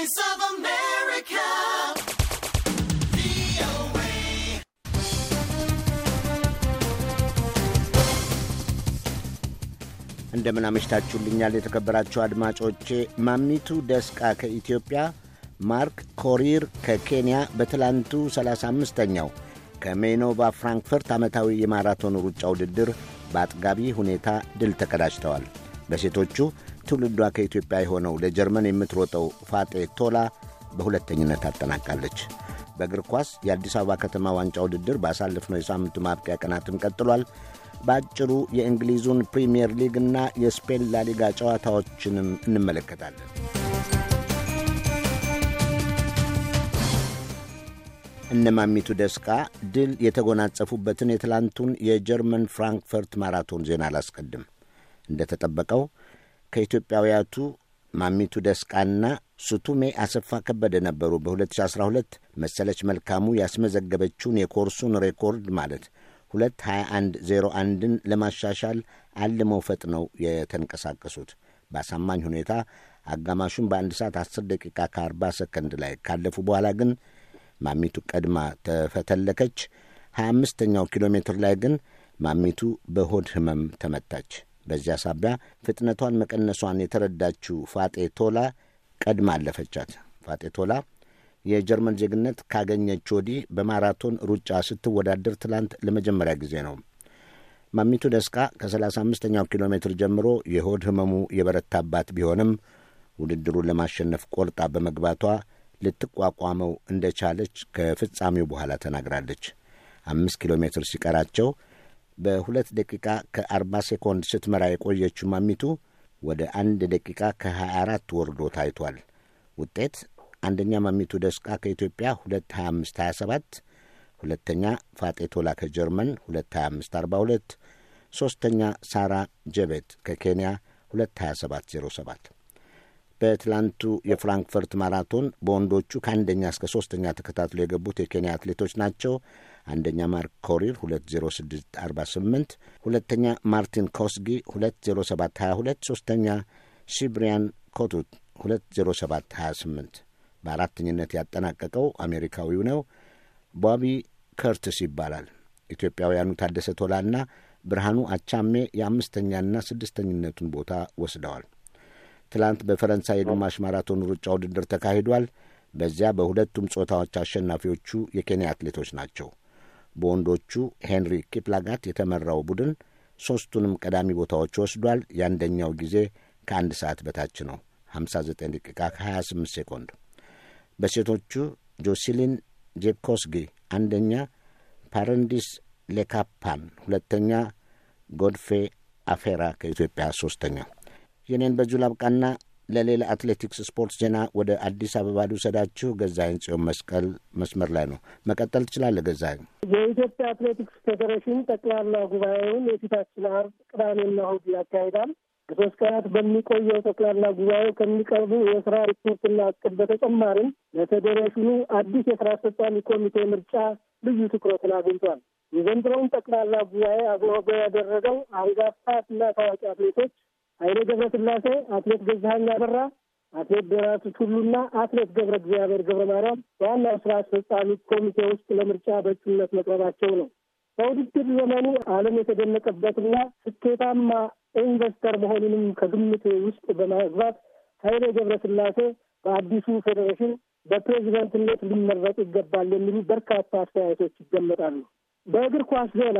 Voice of America. እንደምን አመሽታችሁልኛል የተከበራችሁ አድማጮቼ። ማሚቱ ደስቃ ከኢትዮጵያ፣ ማርክ ኮሪር ከኬንያ በትላንቱ 35ኛው ከሜኖቫ ፍራንክፈርት ዓመታዊ የማራቶን ሩጫ ውድድር በአጥጋቢ ሁኔታ ድል ተቀዳጅተዋል። በሴቶቹ ትውልዷ ከኢትዮጵያ የሆነው ለጀርመን የምትሮጠው ፋጤ ቶላ በሁለተኝነት አጠናቃለች። በእግር ኳስ የአዲስ አበባ ከተማ ዋንጫ ውድድር ባሳለፍነው የሳምንቱ ማብቂያ ቀናትም ቀጥሏል። በአጭሩ የእንግሊዙን ፕሪምየር ሊግ እና የስፔን ላሊጋ ጨዋታዎችንም እንመለከታለን። እነማሚቱ ደስቃ ድል የተጎናጸፉበትን የትላንቱን የጀርመን ፍራንክፈርት ማራቶን ዜና አላስቀድም። እንደተጠበቀው ከኢትዮጵያውያቱ ማሚቱ ደስቃና ሱቱሜ አሰፋ ከበደ ነበሩ። በ2012 መሰለች መልካሙ ያስመዘገበችውን የኮርሱን ሬኮርድ ማለት 22101ን ለማሻሻል አልመው ፈጥነው የተንቀሳቀሱት በአሳማኝ ሁኔታ አጋማሹን በአንድ ሰዓት 10 ደቂቃ ከ40 ሰከንድ ላይ ካለፉ በኋላ ግን ማሚቱ ቀድማ ተፈተለከች። 25ኛው ኪሎ ሜትር ላይ ግን ማሚቱ በሆድ ህመም ተመታች። በዚያ ሳቢያ ፍጥነቷን መቀነሷን የተረዳችው ፋጤ ቶላ ቀድማ አለፈቻት። ፋጤ ቶላ የጀርመን ዜግነት ካገኘች ወዲህ በማራቶን ሩጫ ስትወዳደር ትላንት ለመጀመሪያ ጊዜ ነው። ማሚቱ ደስቃ ከ35ኛው ኪሎ ሜትር ጀምሮ የሆድ ህመሙ የበረታባት ቢሆንም ውድድሩን ለማሸነፍ ቆርጣ በመግባቷ ልትቋቋመው እንደቻለች ከፍጻሜው በኋላ ተናግራለች። አምስት ኪሎ ሜትር ሲቀራቸው በሁለት ደቂቃ ከ40 ሴኮንድ ስትመራ የቆየችው ማሚቱ ወደ አንድ ደቂቃ ከ24 ወርዶ ታይቷል። ውጤት አንደኛ ማሚቱ ደስቃ ከኢትዮጵያ 22527 ሁለተኛ ፋጤ ቶላ ከጀርመን 22542 ሦስተኛ ሳራ ጀቤት ከኬንያ 22707 በትላንቱ የፍራንክፈርት ማራቶን በወንዶቹ ከአንደኛ እስከ ሶስተኛ ተከታትሎ የገቡት የኬንያ አትሌቶች ናቸው። አንደኛ ማርክ ኮሪር 20648፣ ሁለተኛ ማርቲን ኮስጊ 20722፣ ሶስተኛ ሺብሪያን ኮቱት 20728። በአራተኝነት ያጠናቀቀው አሜሪካዊው ነው፣ ቦቢ ከርትስ ይባላል። ኢትዮጵያውያኑ ታደሰ ቶላና ብርሃኑ አቻሜ የአምስተኛና ስድስተኝነቱን ቦታ ወስደዋል። ትላንት በፈረንሳይ የግማሽ ማራቶን ሩጫ ውድድር ተካሂዷል። በዚያ በሁለቱም ጾታዎች አሸናፊዎቹ የኬንያ አትሌቶች ናቸው። በወንዶቹ ሄንሪ ኪፕላጋት የተመራው ቡድን ሦስቱንም ቀዳሚ ቦታዎች ወስዷል። የአንደኛው ጊዜ ከአንድ ሰዓት በታች ነው፣ 59 ደቂቃ ከ28 ሴኮንድ። በሴቶቹ ጆሲሊን ጄኮስጊ አንደኛ፣ ፓረንዲስ ሌካፓን ሁለተኛ፣ ጎድፌ አፌራ ከኢትዮጵያ ሦስተኛው። የኔን በዚሁ ላብቃና ለሌላ አትሌቲክስ ስፖርት ዜና ወደ አዲስ አበባ ልውሰዳችሁ። ገዛኸኝ ጽዮን መስቀል መስመር ላይ ነው። መቀጠል ትችላለህ ገዛኸኝ። የኢትዮጵያ አትሌቲክስ ፌዴሬሽን ጠቅላላ ጉባኤውን የፊታችን አርብ፣ ቅዳሜና እሁድ ያካሂዳል። ሶስት ቀናት በሚቆየው ጠቅላላ ጉባኤው ከሚቀርቡ የስራ ሪፖርትና እቅድ በተጨማሪም ለፌዴሬሽኑ አዲስ የስራ አስፈጻሚ ኮሚቴ ምርጫ ልዩ ትኩረትን አግኝቷል። የዘንድሮውን ጠቅላላ ጉባኤ አግባብ ያደረገው አንጋፋ እና ታዋቂ አትሌቶች ኃይሌ ስላሴ፣ አትሌት ገዛኸኝ አበራ፣ አትሌት ደራርቱ ቱሉና አትሌት ገብረ እግዚአብሔር ገብረ ማርያም በዋናው ስራ አስፈጻሚ ኮሚቴ ውስጥ ለምርጫ በእጩነት መቅረባቸው ነው። በውድድር ዘመኑ ዓለም የተደነቀበትና ስኬታማ ኢንቨስተር መሆኑንም ከግምት ውስጥ በማግባት ኃይሌ ገብረ ስላሴ በአዲሱ ፌዴሬሽን በፕሬዚደንትነት ሊመረጥ ይገባል የሚሉ በርካታ አስተያየቶች ይገመጣሉ። በእግር ኳስ ዜና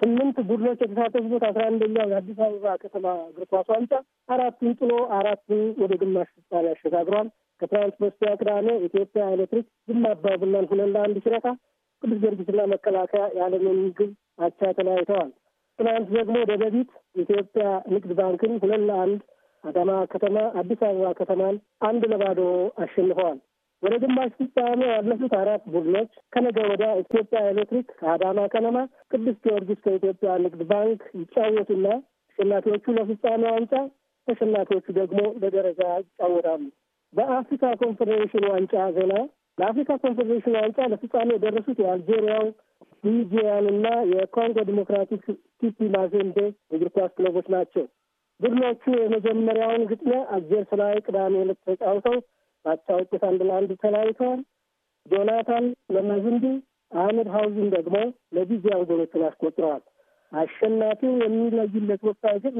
ስምንት ቡድኖች የተሳተፉበት አስራ አንደኛው የአዲስ አበባ ከተማ እግር ኳስ ዋንጫ አራቱን ጥሎ አራቱን ወደ ግማሽ ፍጻሜ አሸጋግሯል። ከትናንት በስቲያ ቅዳሜ ኢትዮጵያ ኤሌክትሪክ ዝም አባ ቡናን ሁለት ለአንድ ሲረታ፣ ቅዱስ ጊዮርጊስና መከላከያ ያለምንም ግብ አቻ ተለያይተዋል። ትናንት ደግሞ ደደቢት ኢትዮጵያ ንግድ ባንክን ሁለት ለአንድ፣ አዳማ ከተማ አዲስ አበባ ከተማን አንድ ለባዶ አሸንፈዋል። ወደ ግማሽ ፍጻሜ ያለፉት አራት ቡድኖች ከነገ ወዲያ ኢትዮጵያ ኤሌክትሪክ አዳማ ከነማ፣ ቅዱስ ጊዮርጊስ ከኢትዮጵያ ንግድ ባንክ ይጫወቱና ተሸናፊዎቹ ለፍጻሜ ዋንጫ፣ ተሸናፊዎቹ ደግሞ ለደረጃ ይጫወታሉ። በአፍሪካ ኮንፌዴሬሽን ዋንጫ ዜና ለአፍሪካ ኮንፌዴሬሽን ዋንጫ ለፍጻሜ የደረሱት የአልጄሪያው እና የኮንጎ ዲሞክራቲክ ቲፒ ማዜምቤ እግር ኳስ ክለቦች ናቸው። ቡድኖቹ የመጀመሪያውን ግጥሚያ አልጀርስ ላይ ቅዳሜ ዕለት ተጫውተው አቻ ውጤት አንድ ለአንድ ተለያይተዋል። ጆናታን ለማዝንዲ አህመድ ሀውዝን ደግሞ ለጊዜያዊ ጎሎችን አስቆጥረዋል። አሸናፊው የሚለይለት ወሳኝ ግብ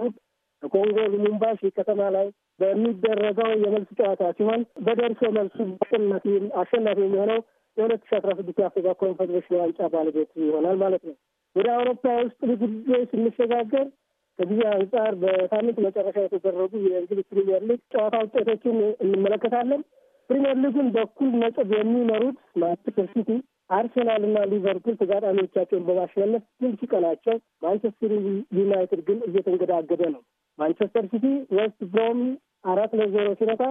ሩብ በኮንጎ ሉሙምባሺ ከተማ ላይ በሚደረገው የመልስ ጨዋታ ሲሆን በደርሶ መልሱ አሸናፊ አሸናፊ የሚሆነው የሁለት ሺ አስራ ስድስት የአፍሪካ ኮንፌዴሬሽን ዋንጫ ባለቤት ይሆናል ማለት ነው። ወደ አውሮፓ ውስጥ ብዙ ጊዜ ስንሸጋገር ከጊዜ አንጻር በሳምንት መጨረሻ የተደረጉ የእንግሊዝ ፕሪሚየር ሊግ ጨዋታ ውጤቶችን እንመለከታለን። ፕሪሚየር ሊጉን በኩል ነጥብ የሚመሩት ማንቸስተር ሲቲ፣ አርሴናል እና ሊቨርፑል ተጋጣሚዎቻቸውን በማሸነፍ ድል ሲቀናቸው፣ ማንቸስተር ዩናይትድ ግን እየተንገዳገደ ነው። ማንቸስተር ሲቲ ዌስት ብሮም አራት ለዜሮ ሲረታ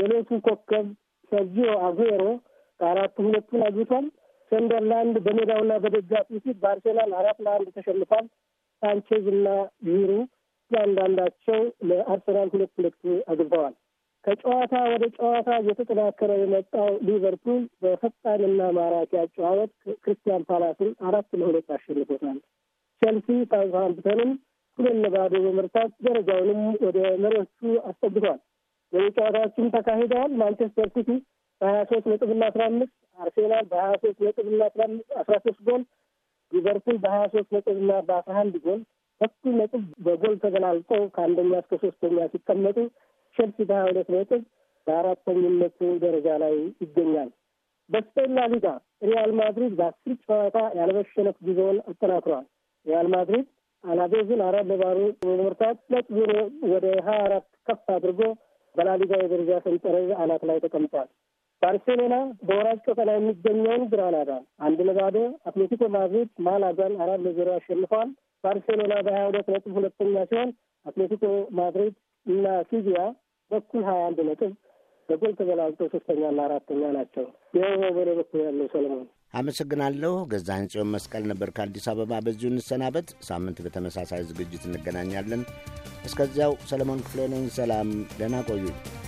የሌቱ ኮከብ ሰርጂዮ አጉሮ ከአራቱ ሁለቱን አግብቷል። ሰንደርላንድ በሜዳውና በደጋፊው ፊት በአርሴናል አራት ለአንድ ተሸንፏል። ሳንቼዝ እና ቪሩ እያንዳንዳቸው ለአርሰናል ሁለት ሁለት አግብተዋል። ከጨዋታ ወደ ጨዋታ እየተጠናከረ የመጣው ሊቨርፑል በፈጣንና ማራኪ አጨዋወት ክርስቲያን ፓላስን አራት ለሁለት አሸንፎታል። ቼልሲ ሳውዝሃምፕተንን ሁለት ለባዶ በመርታት ደረጃውንም ወደ መሪዎቹ አስጠግቷል። ወደ ጨዋታዎችም ተካሂደዋል። ማንቸስተር ሲቲ በሀያ ሶስት ነጥብና አስራ አምስት አርሴናል በሀያ ሶስት ነጥብና አስራ አምስት አስራ ሶስት ጎል ሊቨርፑል በሀያ ሶስት ነጥብ እና በአስራ አንድ ጎል ሰፊ ነጥብ በጎል ተገላልጦ ከአንደኛ እስከ ሶስተኛ ሲቀመጡ ቸልሲ በሀያ ሁለት ነጥብ በአራተኝነቱ ደረጃ ላይ ይገኛል። በስፔን ላ ሊጋ ሪያል ማድሪድ በአስር ጨዋታ ያለመሸነፍ ጊዜውን አጠናክሯል። ሪያል ማድሪድ አላቤዝን አራት ለባሩ በመርታት ሁለት ዜሮ ወደ ሀያ አራት ከፍ አድርጎ በላሊጋ የደረጃ ሰንጠረዥ አናት ላይ ተቀምጧል። ባርሴሎና በወራጅ ቀጠና የሚገኘውን ግራናዳ አንድ ለባዶ፣ አትሌቲኮ ማድሪድ ማላጋን አራት ለዜሮ አሸንፏል። ባርሴሎና በሀያ ሁለት ነጥብ ሁለተኛ ሲሆን አትሌቲኮ ማድሪድ እና ሲቪያ በኩል ሀያ አንድ ነጥብ በጎል ተበላልጠው ሶስተኛና አራተኛ ናቸው። ይኸው በኔ በኩል ያለው ሰለሞን አመሰግናለሁ። ገዛ ህንጽዮን መስቀል ነበር ከአዲስ አበባ። በዚሁ እንሰናበት። ሳምንት በተመሳሳይ ዝግጅት እንገናኛለን። እስከዚያው ሰለሞን ክፍሌ ነኝ። ሰላም፣ ደህና ቆዩ።